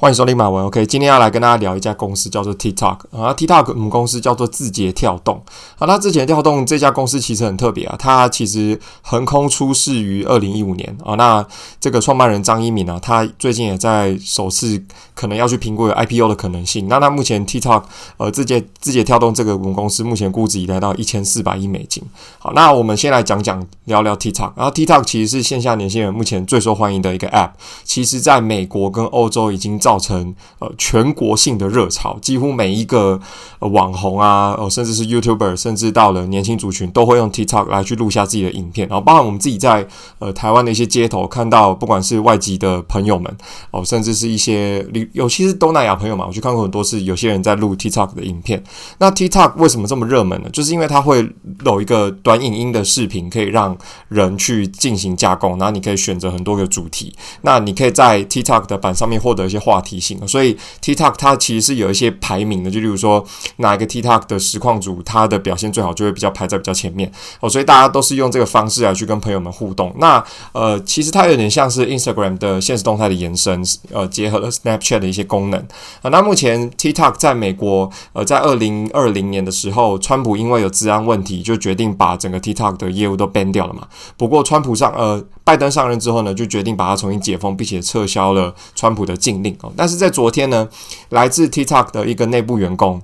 歡迎收聽馬文 OK，今天要來跟大家聊一家公司，叫做 TikTok 啊，TikTok 母公司叫做字節跳動。好、啊，那字節跳動這家公司其實很特別啊，它其實橫空出世於二零一五年啊。那這個創辦人張一鳴呢、啊，他最近也在首次可能要去評估有 IPO 的可能性。那他目前 TikTok 呃字節字節跳動這個母公司目前估值已來到一千四百億美金。好，那我們先來講講聊聊 TikTok，然後、啊、TikTok 其實是線下年輕人目前最受歡迎的一個 App，其實在美國跟歐洲已經在。造成呃全國性的熱潮，幾乎每一個、呃、網紅啊，哦、呃，甚至是 YouTuber，甚至到了年輕族群都會用 TikTok 來去錄下自己的影片。然後，包括我們自己在呃台灣的一些街頭看到，不管是外籍的朋友們，哦、呃，甚至是一些尤其是東南亞朋友嘛，我去看過很多次，有些人在錄 TikTok 的影片。那 TikTok 為什麼這麼熱門呢？就是因為它會有一個短影音的視頻，可以讓人去進行加工，然後你可以選擇很多個主題。那你可以在 TikTok 的版上面獲得一些話題。提醒，所以 TikTok 它其實是有一些排名的，就例如說哪一個 TikTok 的實況主，它的表現最好，就會比較排在比較前面哦。所以大家都是用這個方式來去跟朋友們互動。那呃，其實它有點像是 Instagram 的限時動態的延伸，呃，結合了 Snapchat 的一些功能啊、呃。那目前 TikTok 在美國，呃，在二零二零年的時候，川普因為有資安問題，就決定把整個 TikTok 的業務都 ban 掉了嘛。不過川普上，呃，拜登上任之後呢，就決定把它重新解封，並且撤銷了川普的禁令、呃但是在昨天呢，來自 TikTok 的一個內部員工，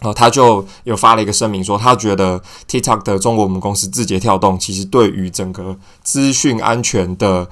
啊、呃，他就有發了一個聲明說，說他覺得 TikTok 的中國母公司字節跳動，其實對於整個資訊安全的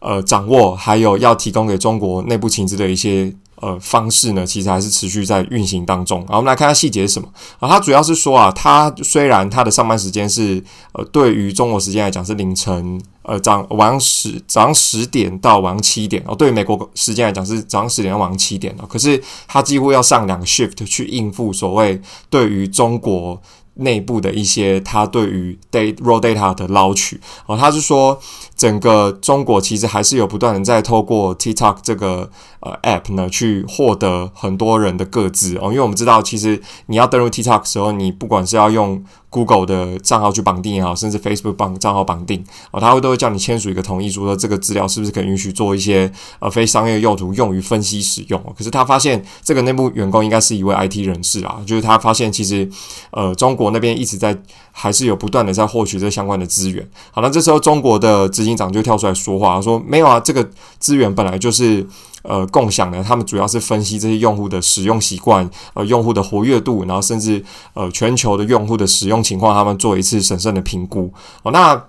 呃掌握，還有要提供給中國內部情資的一些。呃，方式呢，其實還是持續在運行當中。好，我們來看看細節是什麼。啊，他主要是說啊，他雖然他的上班時間是呃，對於中國時間來講是凌晨呃，早晚上十早上十點到晚上七點。哦，對於美國時間來講是早上十點到晚上七點。哦，可是他幾乎要上兩個 shift 去應付所謂對於中國。內部的一些他對於 data raw data 的撈取哦，他是說整個中國其實還是有不斷的在透過 TikTok 這個呃 app 呢去獲得很多人的個資，哦，因為我們知道其實你要登入 TikTok 的時候，你不管是要用 Google 的賬號去綁定也好，甚至 Facebook 賬號綁定哦，他會都會叫你簽署一個同意，說這個資料是不是可以允許做一些呃非商業用途用於分析使用。可是他發現這個內部員工應該是一位 IT 人士啊，就是他發現其實呃中國。那邊一直在，還是有不斷的在獲取這相關的資源。好，那這時候中國的執行長就跳出來說話，他說沒有啊，這個資源本來就是呃共享的。他們主要是分析這些用戶的使用習慣，呃，用戶的活躍度，然後甚至呃全球的用戶的使用情況，他們做一次審慎的評估。哦，那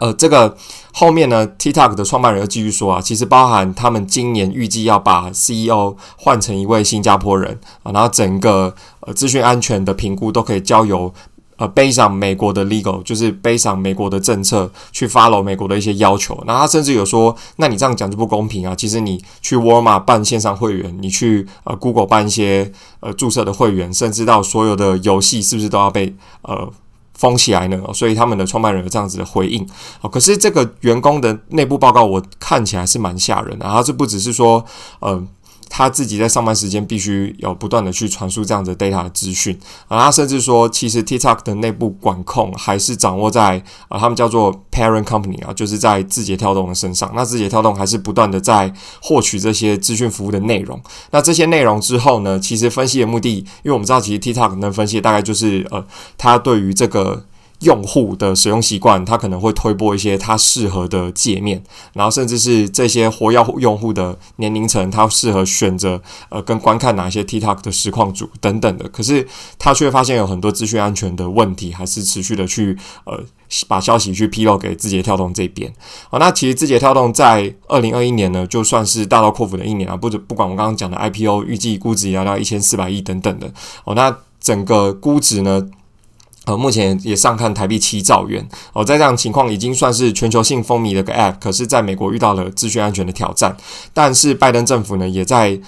呃這個後面呢，TikTok 的創辦人又繼續說啊，其實包含他們今年預計要把 CEO 換成一位新加坡人啊，然後整個。資訊安全的評估都可以交由呃 based on 美國的 legal，就是 based on 美國的政策去 follow 美國的一些要求。那他甚至有說，那你這樣講就不公平啊！其實你去沃爾瑪辦線上會員，你去呃 Google 辦一些呃注冊的會員，甚至到所有的遊戲是不是都要被呃封起來呢？所以他們的創辦人有這樣子的回應。呃、可是這個員工的內部報告我看起來是蠻嚇人的。他這不只是說，嗯、呃。他自己在上班時間必須要不斷的去傳輸這樣的 data 的資訊啊，甚至說其實 TikTok 的內部管控還是掌握在啊他們叫做 parent company 啊，就是在字節跳動的身上。那字節跳動還是不斷的在獲取這些資訊服務的內容。那這些內容之後呢，其實分析的目的，因為我們知道其實 TikTok 能分析的大概就是呃，他對於這個。用戶的使用習慣，他可能會推播一些他適合的界面，然後甚至是這些活躍用戶的年齡層，他適合選擇呃跟觀看哪些 TikTok 的實況主等等的。可是他卻發現有很多資訊安全的問題，還是持續的去呃把消息去披露給字節跳動這邊。好，哦，那其實字節跳動在二零二一年呢，就算是大刀闊斧的一年啊，不止不管我剛剛講的 IPO 預計估值也要到一千四百億等等的。哦，那整個估值呢？呃，目前也上看台幣七兆元哦。在這樣情況已經算是全球性風靡的個 App，可是，在美國遇到了資訊安全的挑戰，但是拜登政府呢，也在。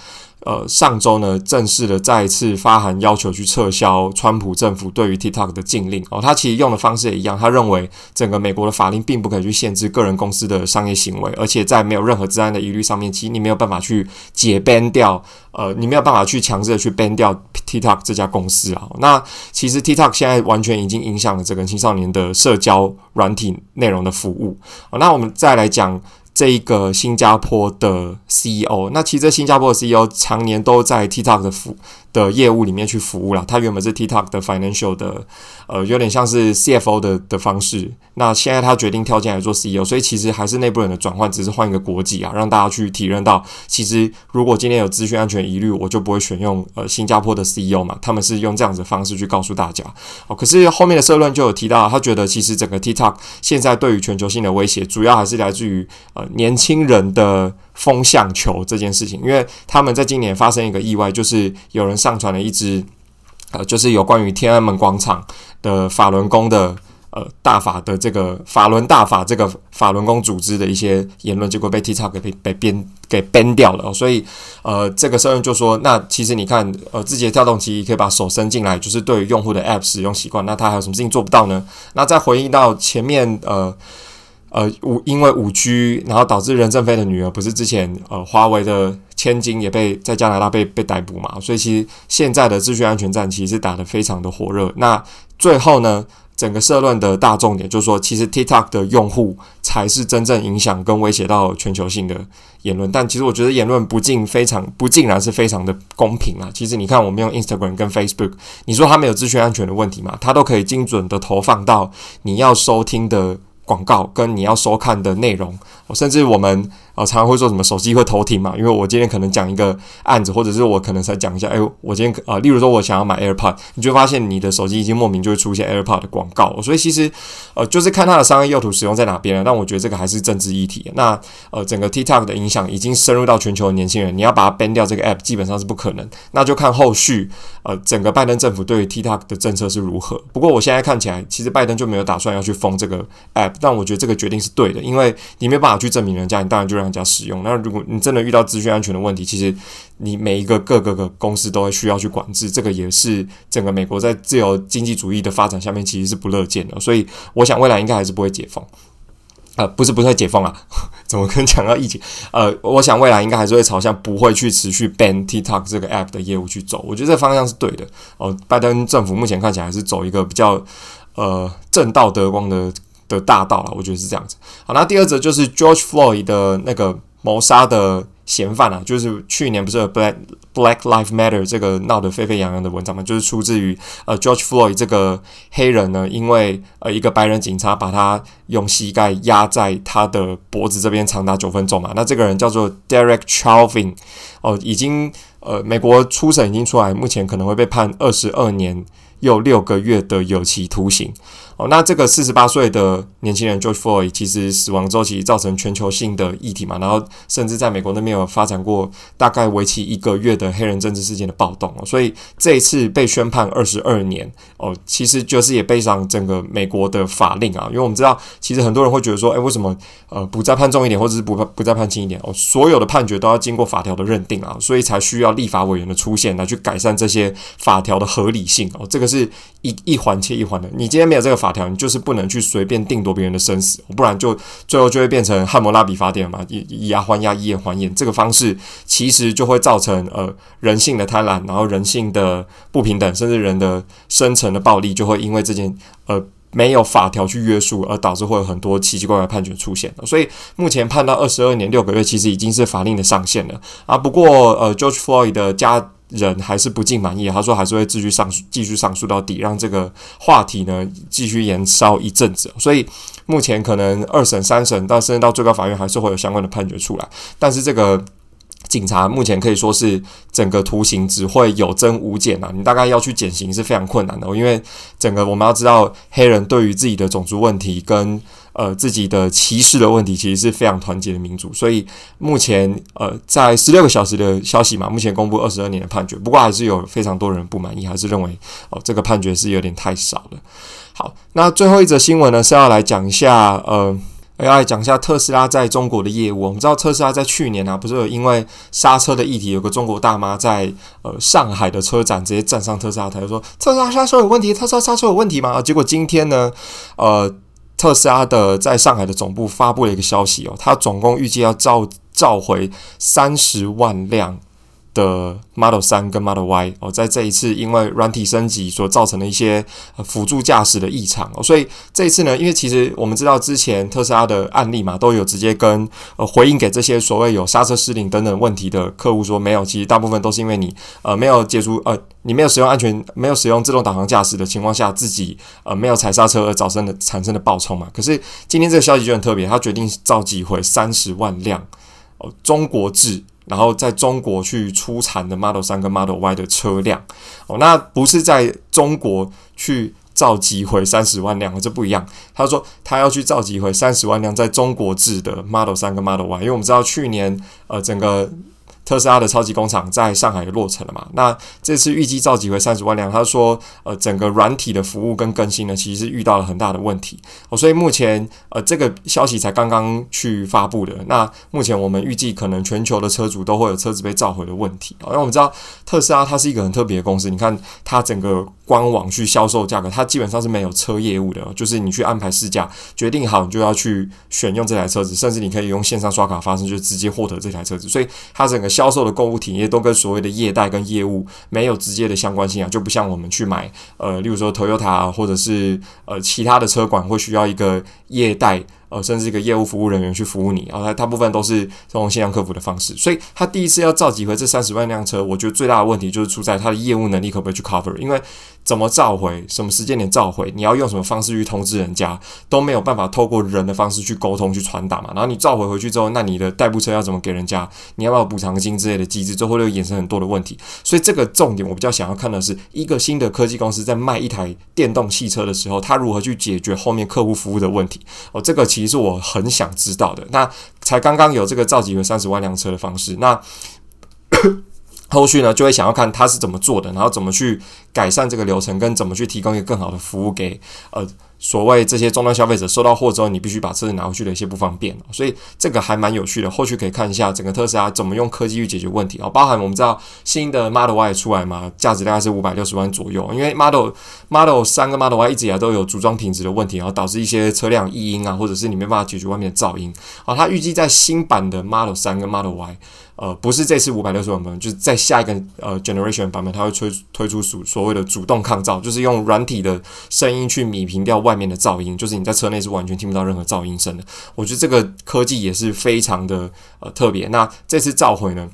呃，上週呢，正式的再一次發函要求去撤銷川普政府對於 TikTok 的禁令哦。他其實用的方式也一樣，他認為整個美國的法令並不可以去限制個人公司的商業行為，而且在沒有任何資安的疑慮上面，其實你沒有辦法去解 ban 掉，呃，你沒有辦法去強制的去 ban 掉 TikTok 這家公司啊，哦。那其實 TikTok 現在完全已經影響了整個青少年的社交軟體內容的服務，哦。那我們再來講，這一個新加坡的 CEO，那其實新加坡的 CEO 常年都在 TikTok 的府的業務裡面去服務啦，他原本是 TikTok 的 financial 的，呃，有點像是 CFO 的的方式。那現在他決定跳進來做 CEO，所以其實還是內部人的轉換，只是換一個國籍啊，讓大家去體認到，其實如果今天有資訊安全疑慮，我就不會選用呃新加坡的 CEO 嘛，他們是用這樣子的方式去告訴大家。哦，可是後面的社論就有提到，他覺得其實整個 TikTok 現在對於全球性的威脅，主要還是來自於呃年輕人的。風向球這件事情，因為他們在今年發生一個意外，就是有人上傳了一支，呃，就是有關於天安門廣場的法輪功的呃大法的這個法輪大法這個法輪功組織的一些言論，結果被 TikTok 給被編給編掉了。所以呃，這個聲音就說，那其實你看，呃，字節跳動其實可以把手伸進來，就是對於用戶的 App 使用習慣，那它還有什麼事情做不到呢？那再回應到前面呃。呃，五因為五 G，然後導致任正非的女兒不是之前呃華為的千金也被在加拿大被被逮捕嘛？所以其實現在的資訊安全戰其實是打得非常的火熱。那最後呢，整個社論的大重點就是說，其實 TikTok 的用戶才是真正影響跟威脅到全球性的言論。但其實我覺得言論不盡非常不盡然是非常的公平啊。其實你看我們用 Instagram 跟 Facebook，你說他沒有資訊安全的問題嘛？他都可以精準的投放到你要收聽的。廣告跟你要收看的內容，我甚至我們。啊，常常會說什麼手機會偷聽嘛？因為我今天可能講一個案子，或者是我可能才講一下，哎，我今天啊、呃，例如說，我想要買 AirPod，你就會發現你的手機已經莫名就會出現 AirPod 的廣告。所以其實呃，就是看它的商業用途使用在哪邊了。但我覺得這個還是政治議題。那呃，整個 TikTok 的影響已經深入到全球的年輕人，你要把它 ban 掉這個 app 基本上是不可能。那就看後續呃，整個拜登政府對於 TikTok 的政策是如何。不過我現在看起來，其實拜登就沒有打算要去封這個 app，但我覺得這個決定是對的，因為你沒有辦法去證明人家，你當然就讓。更加使用。那如果你真的遇到資訊安全的問題，其實你每一個各個個公司都會需要去管制。這個也是整個美國在自由經濟主義的發展下面其實是不樂見的。所以我想未來應該還是不會解封。呃，不是不會解封啊，怎麼跟講到疫情？呃，我想未來應該還是會朝向不會去持續 ban TikTok 這個 app 的業務去走。我覺得這方向是對的。哦、呃，拜登政府目前看起來還是走一個比較呃正道德光的的大道了，我覺得是這樣子。好，那第二則就是 George Floyd 的那個謀殺的嫌犯啊，就是去年不是有 Black Black Lives Matter 這個鬧得沸沸揚揚的文章嘛？就是出自於呃 George Floyd 這個黑人呢，因為呃一個白人警察把他用膝蓋壓在他的脖子這邊長達九分鐘嘛。那這個人叫做 Derek Chauvin 哦，呃，已經呃美國初審已經出來，目前可能會被判二十二年又六個月的有期徒刑。哦，那這個四十八歲的年輕人 George Floyd 其實死亡周期造成全球性的議題嘛，然後甚至在美國那邊有發展過大概為期一個月的黑人政治事件的暴動哦，所以這一次被宣判二十二年哦，其實就是也背上整個美國的法令啊，因為我們知道其實很多人會覺得說，哎、欸，為什麼呃不再判重一點，或者是不不再判輕一點哦？所有的判決都要經過法條的認定啊、哦，所以才需要立法委員的出現來去改善這些法條的合理性哦，這個是一一環接一環的，你今天沒有這個。法條，你就是不能去隨便定奪別人的生死，不然就最後就會變成《漢謨拉比法典》嘛，以以牙還牙，以眼還眼這個方式，其實就會造成呃人性的貪婪，然後人性的不平等，甚至人的深層的暴力，就會因為這件呃沒有法條去約束，而導致會有很多奇奇怪怪的判決出現。所以目前判到二十二年六個月，其實已經是法令的上限了啊。不過呃，George Floyd 的家人還是不盡滿意，他說還是會繼續上訴，繼續上訴到底，讓這個話題呢繼續延燒一陣子。所以目前可能二審、三審，到甚至到最高法院，還是會有相關的判決出來。但是這個。警察目前可以說是整個徒刑只會有增無減啊，你大概要去減刑是非常困難的，因為整個我們要知道黑人對於自己的種族問題跟呃自己的歧視的問題其實是非常團結的民族，所以目前呃在十六個小時的消息嘛，目前公布二十二年的判決，不過還是有非常多人不滿意，還是認為哦、呃、這個判決是有點太少了。好，那最後一則新聞呢是要來講一下呃。哎，講一下特斯拉在中國的業務。我們知道特斯拉在去年啊，不是有因為剎車的議題，有個中國大媽在呃上海的車展直接站上特斯拉台，就說特斯拉剎車有問題，特斯拉剎車有問題嗎？結果今天呢，呃，特斯拉的在上海的總部發布了一個消息哦、喔，它總共預計要召召回三十萬輛。的 Model 3跟 Model Y 哦，在這一次因為軟體升級所造成的一些輔助駕駛的異常哦，所以這一次呢，因為其實我們知道之前特斯拉的案例嘛，都有直接跟呃回應給這些所謂有剎車失靈等等問題的客戶說，沒有，其實大部分都是因為你呃沒有接觸呃你沒有使用安全沒有使用自動導航駕駛的情況下，自己呃沒有踩剎車而造成的產生的爆衝嘛。可是今天這個消息就很特別，他決定召回三十萬輛哦、呃、中國製。然後在中國去出產的 Model 3跟 Model Y 的車輛，哦，那不是在中國去召回三十萬輛，這不一樣。他說他要去召回三十萬輛，在中國製的 Model 3跟 Model Y，因為我們知道去年呃整個。特斯拉的超級工廠在上海也落成了嘛？那這次預計召回三十萬輛，他說，呃，整個軟體的服務跟更新呢，其實是遇到了很大的問題。哦，所以目前，呃，這個消息才剛剛去發布的。那目前我們預計，可能全球的車主都會有車子被召回的問題。哦，因為我們知道，特斯拉它是一個很特別的公司。你看，它整個官網去銷售價格，它基本上是沒有車業務的，就是你去安排試駕，決定好你就要去選用這台車子，甚至你可以用線上刷卡發生，就直接獲得這台車子。所以它整個。銷售的購物體驗都跟所謂的業代跟業務沒有直接的相關性啊，就不像我們去買呃，例如說 Toyota 或者是呃其他的車管會需要一個業代。呃，甚至一個業務服務人員去服務你，然後他大部分都是這種線上客服的方式。所以他第一次要召集回這三十萬輛車，我覺得最大的問題就是出在他的業務能力可不可以去 cover，因為怎麼召回、什麼時間點召回、你要用什麼方式去通知人家，都沒有辦法透過人的方式去溝通去傳達嘛。然後你召回回去之後，那你的代步車要怎麼給人家？你要不要補償金之類的機制？最後就衍生很多的問題。所以這個重點我比較想要看的是，一個新的科技公司在賣一台電動汽車的時候，他如何去解決後面客戶服務的問題。哦，這個其。其實我很想知道的，那才剛剛有這個召集了三十萬輛車的方式，那後續呢，就會想要看它是怎麼做的，然後怎麼去改善這個流程，跟怎麼去提供一個更好的服務給呃所謂這些終端消費者。收到貨之後，你必須把車子拿回去的一些不方便，所以這個還蠻有趣的。後續可以看一下整個特斯拉怎麼用科技去解決問題啊，包含我們知道新的 Model Y 出來嘛，價值大概是五百六十萬左右。因為 Model Model 三跟 Model Y 一直以來都有組裝品質的問題，然後導致一些車輛異音啊，或者是你沒辦法解決外面的噪音。好，它預計在新版的 Model 三跟 Model Y。呃，不是這次五百六十五版本，就是在下一個呃 generation 版本，它會推推出所所謂的主動抗噪，就是用軟體的聲音去弭平掉外面的噪音，就是你在車內是完全聽不到任何噪音聲的。我覺得這個科技也是非常的呃特別。那這次召回呢，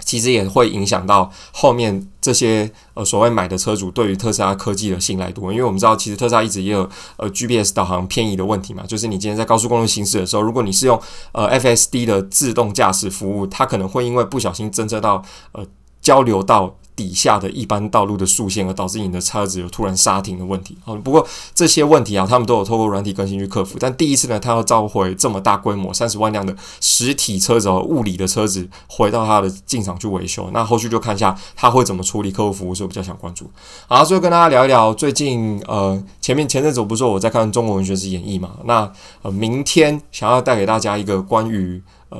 其實也會影響到後面這些呃所謂買的車主對於特斯拉科技的信賴度，因為我們知道，其實特斯拉一直也有呃 GPS 導航偏移的問題嘛，就是你今天在高速公路行駛的時候，如果你是用呃 FSD 的自動駕駛服務，它可能會因為不小心偵測到呃。交流到底下的一般道路的速限，而導致你的車子有突然剎停的問題。好、哦，不過這些問題啊，他們都有透過軟體更新去克服。但第一次呢，他要召回這麼大規模三十萬輛的實體車子和物理的車子回到他的進廠去維修。那後續就看一下他會怎麼處理客戶服務，所以我比較想關注。好，最後跟大家聊一聊最近呃，前面前陣子我不是說我在看《中國文學史演義》嘛，那呃明天想要帶給大家一個關於呃。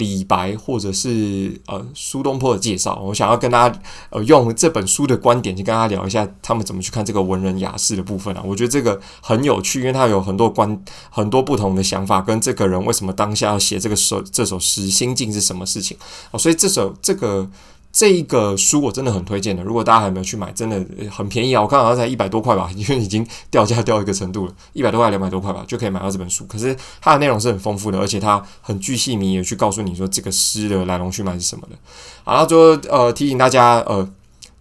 李白或者是呃蘇東坡的介紹，我想要跟大家呃用這本書的觀點去跟大家聊一下，他們怎麼去看這個文人雅士的部分啊？我覺得這個很有趣，因為他有很多觀、很多不同的想法，跟這個人為什麼當下要寫這個首這首詩，心境是什麼事情，呃，所以這首這個。這一個書我真的很推薦的，如果大家還沒有去買，真的很便宜啊！我看好像才一百多塊吧，因為已經掉價掉一個程度了，一百多塊、兩百多塊吧，就可以買到這本書。可是它的內容是很豐富的，而且它很鉅細靡遺，也去告訴你說這個詩的來龍去脈是什麼的。好，然後就呃提醒大家，呃，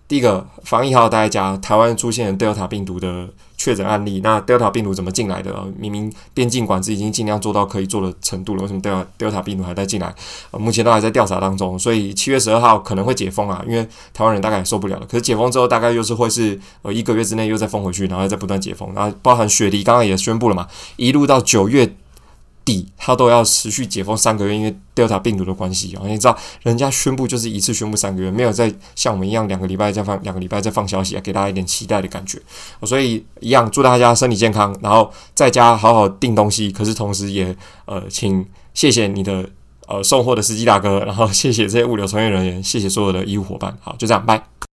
第一個防疫號大家，台灣出現 Delta 病毒的。確診案例，那 Delta 病毒怎麼進來的？明明邊境管制已經盡量做到可以做的程度了，為什麼 Delta Delta 病毒還在進來？目前都還在調查當中，所以七月十二號可能會解封啊，因為台灣人大概也受不了了。可是解封之後，大概又是會是呃一個月之內又再封回去，然後再不斷解封。然後包含雪梨剛剛也宣布了嘛，一路到九月底，他都要持續解封三個月，因為。調查病毒的關係，然後你知道，人家宣布就是一次宣布三個月，沒有再像我們一樣兩個禮拜再放兩個禮拜再放消息，給大家一點期待的感覺。所以一樣，祝大家身體健康，然後在家好好訂東西。可是同時也呃，請謝謝你的呃送貨的司機大哥，然後謝謝這些物流從業人員，謝謝所有的醫護夥伴。好，就這樣，拜。